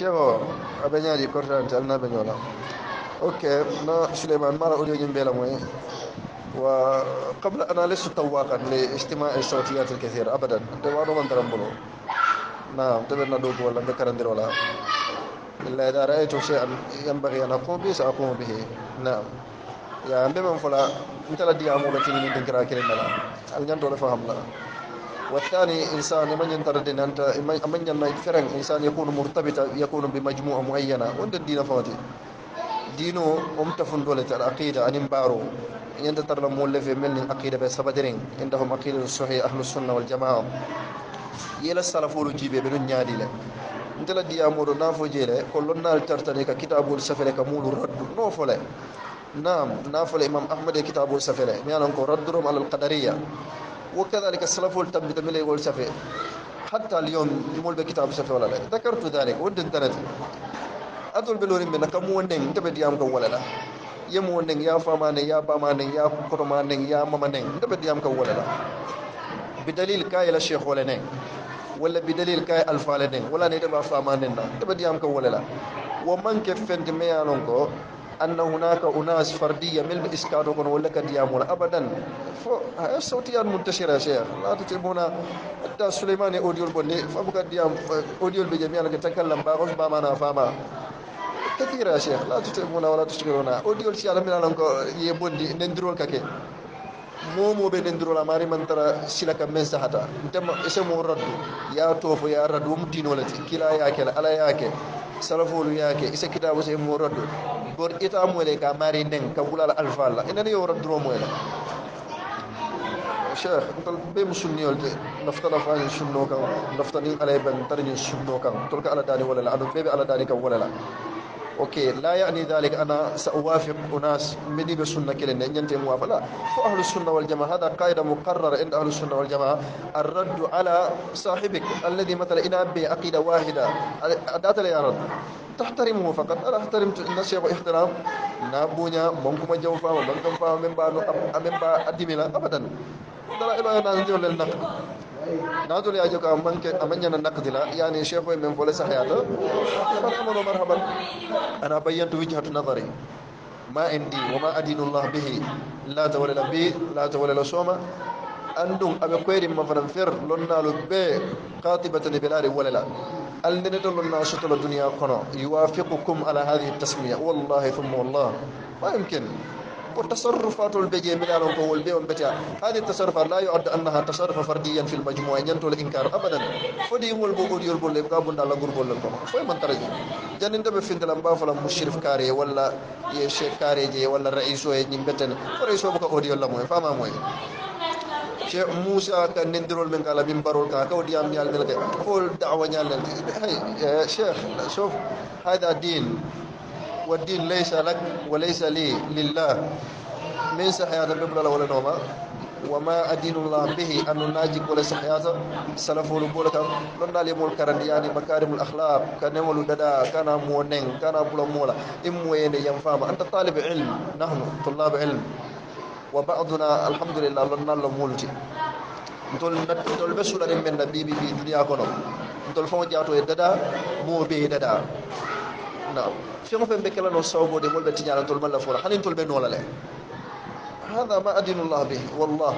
shewo aɓe ñaadi kortante alnaɓe ñoola ok no souleyman mara audio موي وقبل أنا لست طواقا لاجتماع الصوتيات الكثير أبدا دوانو من ترمبلو نعم تبرنا دوك ولا مكرندر ولا إلا إذا رأيت شيئا ينبغي أن أقوم به سأقوم به نعم يا يعني بما فلا مثل دي عمولة من ذكرى كلمة لا أن ينتظر لفهم لا والثاني إنسان من ينترد ان أنت من ينعي فرن إنسان يكون مرتبط يكون بمجموعة معينة وند الدين فاتي دينو أمتفن دولت العقيدة أن بارو ينت ترى مولف من العقيدة بسبدرين عندهم عقيدة الصحيح أهل السنة والجماعة يلا السلف جيبه بنو نيادي له انت لدي دي امور نافو جيله كلنا الترتني كتاب السفر كمول رد نوفله نعم نافل امام أحمد كتاب السفر يعني أنكو ردهم على القدرية وكذلك السلف والتبديل الملي والسفي حتى اليوم يمول بكتاب سفي ولا لا ذكرت ذلك ود الدنت أدول بلوري منك كم ونين تبدي أم كم ولا لا يم ونين يا فمانين يا بامانين يا كرمانين يا ممانين تبدي أم كم ولا لا بدليل كاي الشيخ ولا نين ولا بدليل كاي الفالدين ولا نيتبع فمانين تبدي أم كم ولا لا ومن كفنت ميالونكو أن هناك أناس فردية من الإسكانوكون ولا كديامون أبدا فهي الصوتية المنتشرة يا شيخ لا تتعبونا حتى سليماني أوديو البني فأبقى ديام أوديو بجميع أنك تكلم باغوش بامانا فاما كثيرة شيخ لا تتعبونا ولا تشغلونا أوديو الشيء على من أنك يبون ندرول كاكي momo be den dro la mari man tara silaka men sahata dem ese mo raddu ya tofo ya raddu mu la kila ya ke la ala ya ke lu ya ke ise kitabu se mo raddu bor ita mo le ka mari den ka bula bulal alfa la ina ne yo raddu mo le شيخ انت بي مسني ولد نفتنا فاني شنو كان نفتني على بن ترني شنو كان تلك على داني ولا لا بي على داني كان ولا لا اوكي لا يعني ذلك انا ساوافق اناس مني بالسنه كلنا ان انت موافق لا فاهل السنه والجماعه هذا قاعده مقرر عند اهل السنه والجماعه الرد على صاحبك الذي مثلا ان ابي عقيده واحده ادات لي رد تحترمه فقط انا احترمت الناس يا احترام نابونيا منكم جوفا ومنكم فاهم من بعد من بعد ابدا لا اله الا انت نادول يا جوك أمان كن أمان جنا نقدلا يعني شيخ من فلسة حياته مرحبا مرحبا أنا بيان وجهة نظري ما عندي وما أدين الله به لا تولى به لا تولى صوما أندم أبي كوير ما فرنفر لنا لبى قاطبة بلاري ولا لا ألننا الناس شطل الدنيا قنا يوافقكم على هذه التسمية والله ثم والله ما يمكن والتصرفات البجي ملال قول بيون بتا هذه التصرفات لا يعد أنها تصرف فرديا في المجموعة ينتو الإنكار أبدا فدي يقول بقول يقول لك أبو نالا قول بقول لك فوي من ترجع جنن دب فين دلم بافلا مشرف كاري ولا يشيخ كاري جي ولا رئيس وين بتن فرئيس وبك أوديو ولا موي فاما موي شيخ موسى كان نندرول من قال من بارول كان كودي أم يال ملك فول دعوة يال شيخ شوف هذا دين والدين ليس لك وليس لي لله من سحياة ببلا ولا نوما وما أدين الله به أن نناجك ولا سحياة سلفه لبولك لنا لمول كرندياني يعني مكارم الأخلاق كان يمول ددا كان مونين كان بلا مولا إموين ينفام أنت طالب علم نحن طلاب علم وبعضنا الحمد لله لن لمولتي ntol be sularin men na bibi fi duniya kono ntol fon jato مو dada mo نعم فين فين بكلا نو صوبو دي مول تجارة تول ملا فورا حنين ولا لا هذا ما أدين الله به والله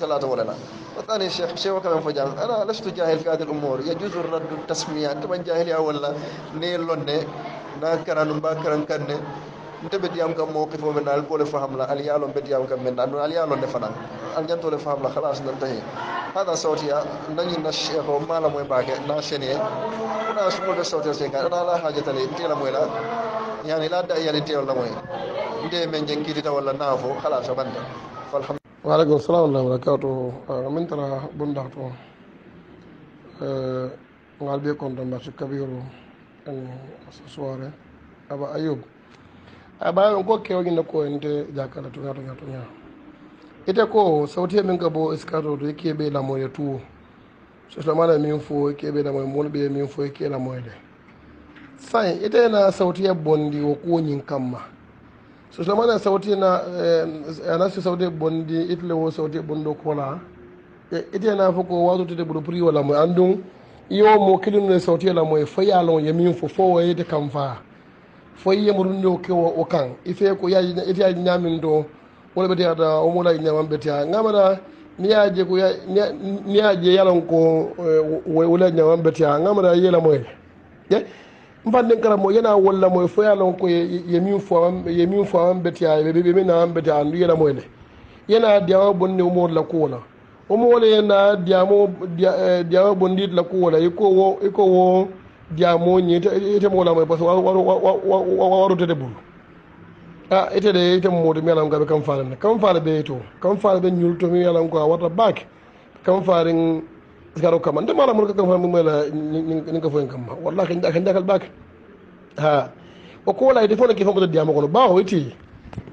ثلاثة ولا لا وثاني الشيخ شيخ وكلام فجأة أنا لست جاهل في هذه الأمور يجوز الرد التسمية أنت من جاهل يا ولا نيل لني ناكرا نباكرا كني nte be diyam kam mawqif o men alko le faham la al yalon be diyam kam men andu al yalon ne fanan al janto le faham la khalas nan tahi hada sawtiya nani ɗa sumol de sawtere sen ga ɗan ala haaje tale en tegla moyla yani laadda a yiyani tegolla moye nde men jenkitita walla naafo hala so bande alhamdulillah waaleykum salam wallahi wabarakatu ah, min tara bunda to eh, ngal ɓiye kon dan mbatu kabiru en sosoire aba ayoub a mbawi on ko kewñinde ko en te jakala to ñato ñato ña ite ko sawtie min ka bo escadre to yekkie ɓe lamoye tout sotomala min fo keɓe namoye mol ɓe min fo ke namoyde sain itena sawtiya bondi wo kuñin kamma na sawtina eh, anasi sawtiye bondi itle wo sawtiye bondo kola eh, itena fo ko watutede tete bulu o lamoye an dun iyo mo kilinne sawtiye lamoye fo yalon ye min fo fo woyede kam faa fo yiyemorunde o ke o kan ife ko yaji ite yaji ñamin to wona ɓete ata omola ñaman ɓeteya gamata ni y'a je ko ni y'a je yalan ko wula ñawan betiya ngamara yela moye ye mfanden kara mo yana walla moye fo yalan ko ye min fo ye min fo an betiya be be min an betiya ndu yela moye yana diawa bonni umur la wala umu wala yana diamo diawa bondi la wala ko kola iko wo iko wo diamo nyete ite mola moye parce que waro tete bulu a ah, ita de ite moodi mi alan ko aɓe kam faare ne kam faare ɓe to kam faare ɓe ñulto mi alan ko a bak baake kam kama sikaro kamma nde mala mon ko kam faare mumela nin ka foyen kamma walla kan jakal bak ha o kolayde fof ne ke ya diyama ba ɓawo iti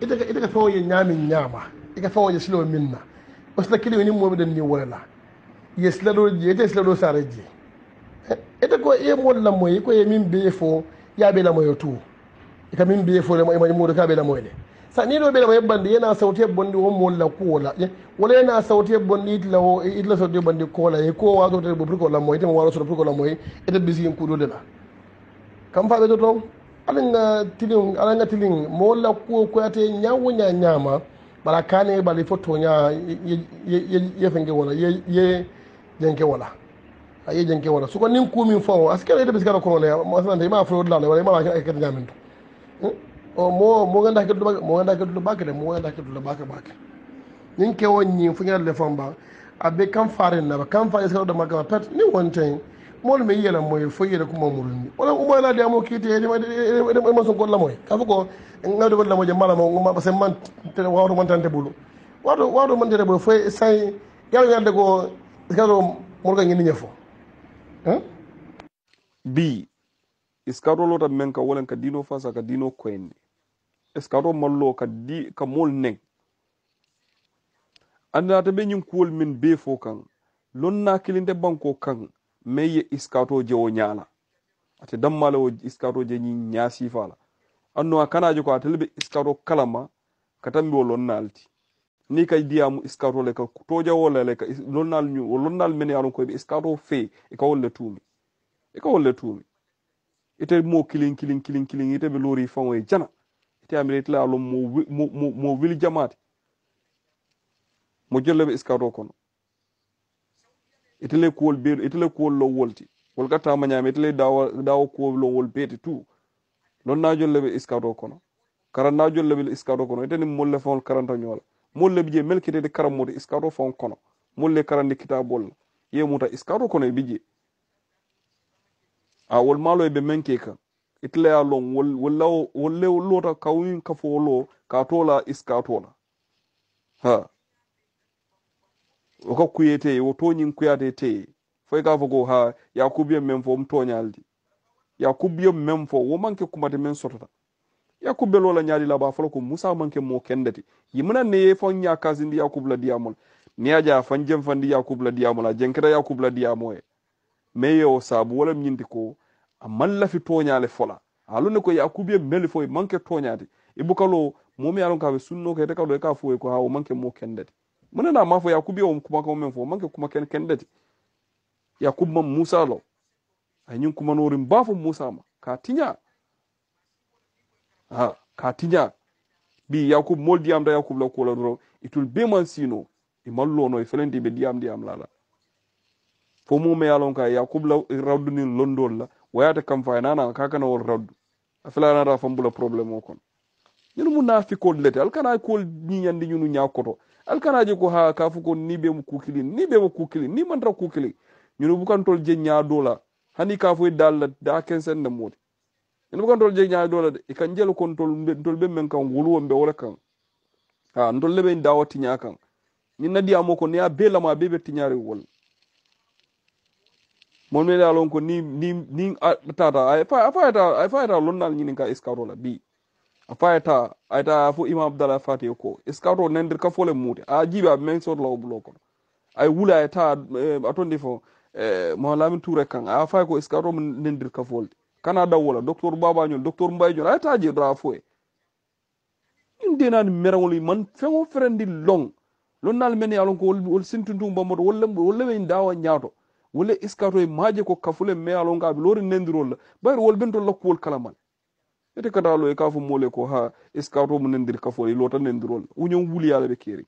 ita ka fawoye ñamin nyama ika fawoje silo minna o sita kili ni moɓe ɗen ni wolela ye silado je ite do sare je eh, ita ko e mol ko koye min beye fo ya yaaɓe lamoyo to ka min mbiye fofema imaji muude ka ɓeɗa moyde sa ni ɗo ɓeɗama hebbandi yena sawti hebbonndi omolla koola wala yena sawti hebbonndi itla o itla sodi hebbandi koola he ko wa sotede bo prix ko lamoy tema wawa sodo prix ko lamoy ete bisigin kuɗode ɗa kam faɓe to toon alaga tilin alaga tilin mo walla kuo koyate ñawo ña ñama ɓara kane e ɓale fotto ña yefenge wala ye jenke wala aye jenke wala sukonin kumin fo o asikeɗa ete bisigata konoleyamasalante ima fotolalewala ima wakin akkete ñamin to Oh, mo mo ganda ke dulu mo ganda ke dulu bakere mo ganda ke dulu bakere bakere nin ke won yin fu ngel lefon ba abe kan farin na ba kan farin sai da magana pet ni wonten mo me yela moy fo yela kuma murun wala umma la de mo kite ni ma ma son golla moy ka fuko ngado golla moy mala mo nguma ba sai man te wato man tante bulu wato wato man tante bulu fo sai yalla yalla de ko ka do mo ga ngini nyefo bi iskaroolu ta men ka wolen ka dino fasa ka dino koyenni iskaro mallo ka di ka mool neng andana ta ɓe ñin kuwol min bee fo kan lonna kilinde banko kan ma ye iskato je o ñaala ate dammale o iskato je ñin ñaasifaala anno a kanajo ko a tele ɓe iskato kalama katanmbi o lonnaalti ni kay diyamu iskato le ka tojawolele ka lonnal ñu o lonnal mene yaalon koye ɓe iskato fee e kawolle tuumi e kawolle tuumi ite mo kilin kilin kilin kilin ite ɓe lori fawo e jana ite amire tila alo mo, mo, mo, mo wili jamaade mo jolle ɓe iskado kono itele kuwol be itele kuwol low wolti wol gattama ñaami itele dawa dawa kuwol low wol beete tout non najolle ɓe iskado kono karan najolle ɓe iskado kono itani molle fawol karanta ñoola molle ɓije melkitede karan mode iskado fawo kono molle karande kitabolla yemuta iskado kono e ɓijee a ah, wol malo be men ke wol itla wol le wol lota ka win ka folo ka tola is ka tola ha o ka kuyete o to nyin kuyate te fo e ka fo go ha yakubiyen men fo m toñaldi yakubiyen men fo wo manke kuma de men sotota yakub be nyaali la ba fo ko musa manke mo kendati yimana ne fo nya ka zindi yakub la diyamol ni aja fan jem fandi yakub la diamol a jenkra yakub la diyamo e mais yo saabu wolam ñindi ko a mallafi toñale fola alonne ko yakubiye meli foye manke toñade i bukalo momi alon kaɓe sunno kete kalo e ka foye ko hawo manke mo kendete munena mafo fo yakubiye o ko men fo manke kuma ken kendete yakub man musa lo añin kuma nori mbafo musa ma ka tinya ha ka tinya bi yakub moldi am da yakub la kola doro itul be man sino e mallo no e felendi be diam diam la la fo mo me alon ka yakub la rawdunin londol la Waya ta wayata kam faynana kakanawol raddu a felanata fambula probléme o kono ñunu mu naafikol lete alkana kol ñiñandi ñunu ñakoto alkana je ko ha ka fo ko ni be mu kukili ni be mu kukili ni mantara kukili ñunu bukantol je ñaadola hani ka fo dalla da kensen da modi ñunu bukantol je ñaadola de ikan jelo kon tol tol be men kan wuluwo be wala kan ha ndol lebe dawati ñakan ñin nadi amo ko ne a be lama be be tiñare wol mon mede alon ko ni ni ni tata a fayata a ta lonnal ñinin ka iskato la bi a fayata ayta fo imam abdallah fati ko iskato nandir ka fole muute a jiiɓe men soto law bulo kono ay wula e ta eh, a fo eh, mo lami toure kan a fay ko iskato mo ka folde kana dawwola docteur babañol docteur mbayjol ay ta jeeɗora fo e ɗum denani man feŋo ferendi long lonnal men e ko wol sintintum bammoto wolle wolle men dawa ñaato walla iskatoye maaje ko kafule meyalongaɓe lori nendirolla bayri wol ɓen dolla kuwol kala man ete kadaloye ka mole ko ha iskato mo nendiri kafole lota nendirolla wuñon wuliyala ɓe keeri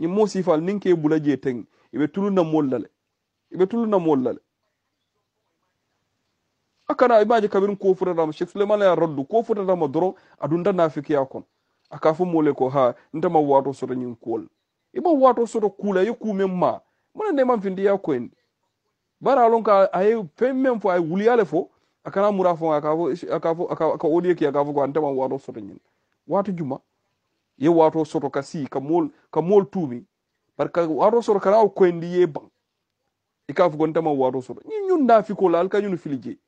ñin mo sifal ninke bulaje teng eɓe tulunamol lale eɓe tulunamol lale akana imaji kabirin ko futatama chekh suleiman ya raddu ko futatama doron aɗum da nafikiya kon aka mole ko ha ntama wato soto ñin kuwol ima wato soto kuula ye kumen ma mona ndeman findiya koyendi bara lon ka aye pemmem fo ay wuliyale fo akana mura fo aka fo aka fo aka odie ki aka fo ko antama wato soto nyin wato juma ye wato soto si ka mol ka mol tumi par ka wato soto kala ko ndi ye ban ika fo gon tama wato soto nyun nda fi ko lal ka nyun filije